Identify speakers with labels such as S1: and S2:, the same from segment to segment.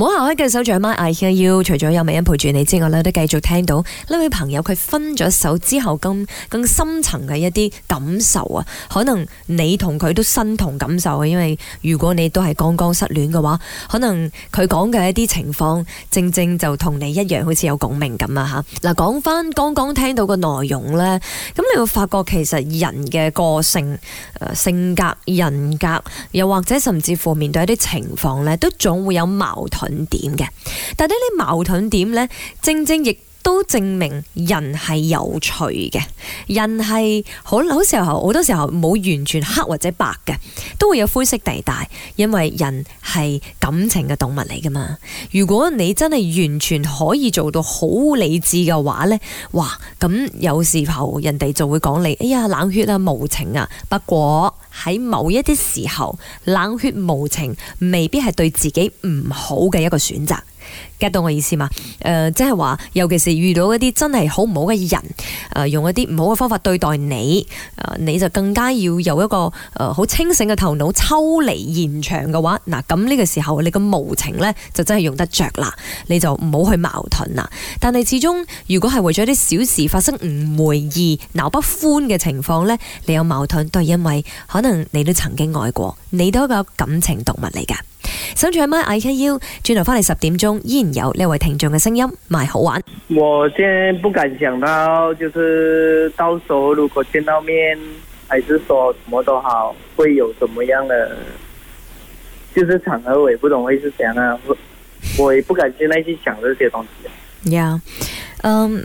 S1: 唔好下一嘅手上，掌，MY I hear you，除咗有美音陪住你之外咧，都繼續聽到呢位朋友佢分咗手之後咁更深層嘅一啲感受啊！可能你同佢都身同感受啊，因為如果你都係剛剛失戀嘅話，可能佢講嘅一啲情況，正正就同你一樣，好似有共鳴咁啊！吓嗱，講翻剛剛聽到嘅內容咧，咁你會發覺其實人嘅個性、性格、人格，又或者甚至乎面對一啲情況咧，都總會有矛盾。點嘅，但係呢啲矛盾點咧，正正亦。都證明人係有趣嘅，人係好好時候好多時候冇完全黑或者白嘅，都會有灰色地帶。因為人係感情嘅動物嚟噶嘛。如果你真係完全可以做到好理智嘅話呢，哇！咁有時候人哋就會講你，哎呀冷血啊無情啊。不過喺某一啲時候，冷血無情未必係對自己唔好嘅一個選擇。get 到我意思嘛？誒、呃，即係話，尤其是遇到一啲真係好唔好嘅人，誒、呃，用一啲唔好嘅方法對待你，誒、呃，你就更加要有一個誒好、呃、清醒嘅頭腦，抽離現場嘅話，嗱，咁呢個時候你嘅無情呢，就真係用得着啦。你就唔好去矛盾啦。但係始終，如果係為咗啲小事發生誤會、鬧不歡嘅情況呢，你有矛盾都係因為可能你都曾經愛過，你都一個感情動物嚟噶。想住阿媽 I K U，轉頭翻嚟十點鐘依然有呢位聽眾嘅聲音，賣好玩。
S2: 我真不敢想到，就是到時候如果見到面，還是說什麼都好，會有什麼樣嘅，就是場合我也不懂會是點啊，我我也不敢現在去想這些東西。
S1: 呀，嗯。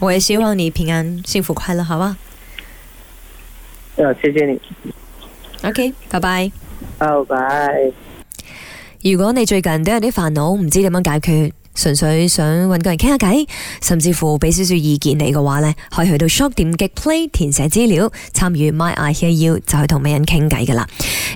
S1: 我也希望你平安、幸福、快樂，好嗎？
S2: 謝謝你。
S1: OK，拜拜。拜
S2: 拜、oh, bye。
S1: 如果你最近都有啲煩惱，唔知點樣解決？純粹想揾個人傾下偈，甚至乎俾少少意見你嘅話呢，可以去到 Shop 點擊 Play 填寫資料，參與 My I Hear U 就係同美人傾偈噶啦。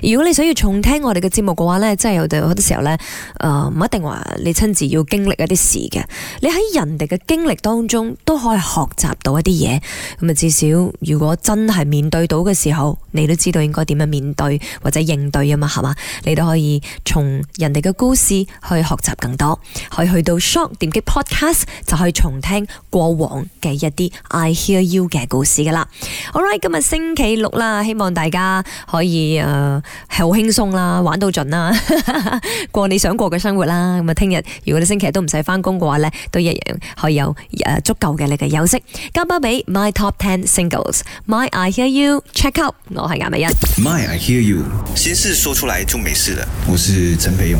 S1: 如果你想要重聽我哋嘅節目嘅話呢，真係有好多時候呢，呃，唔一定話你親自要經歷一啲事嘅，你喺人哋嘅經歷當中都可以學習到一啲嘢。咁啊，至少如果真係面對到嘅時候，你都知道應該點樣面對或者應對啊嘛，係嘛，你都可以從人哋嘅故事去學習更多，可以去到。點擊 Podcast 就可以重聽過往嘅一啲 I Hear You 嘅故事噶啦。All right 今日星期六啦，希望大家可以誒係好輕鬆啦，玩到盡啦呵呵，過你想過嘅生活啦。咁啊，聽日如果你星期日都唔使翻工嘅話咧，都一樣可以有足夠嘅你嘅休息。交包俾 My Top Ten Singles，My I Hear You，Check Out。我係牙尾一
S2: ，My I Hear You，心事說出來就沒事了。我是陳培勇。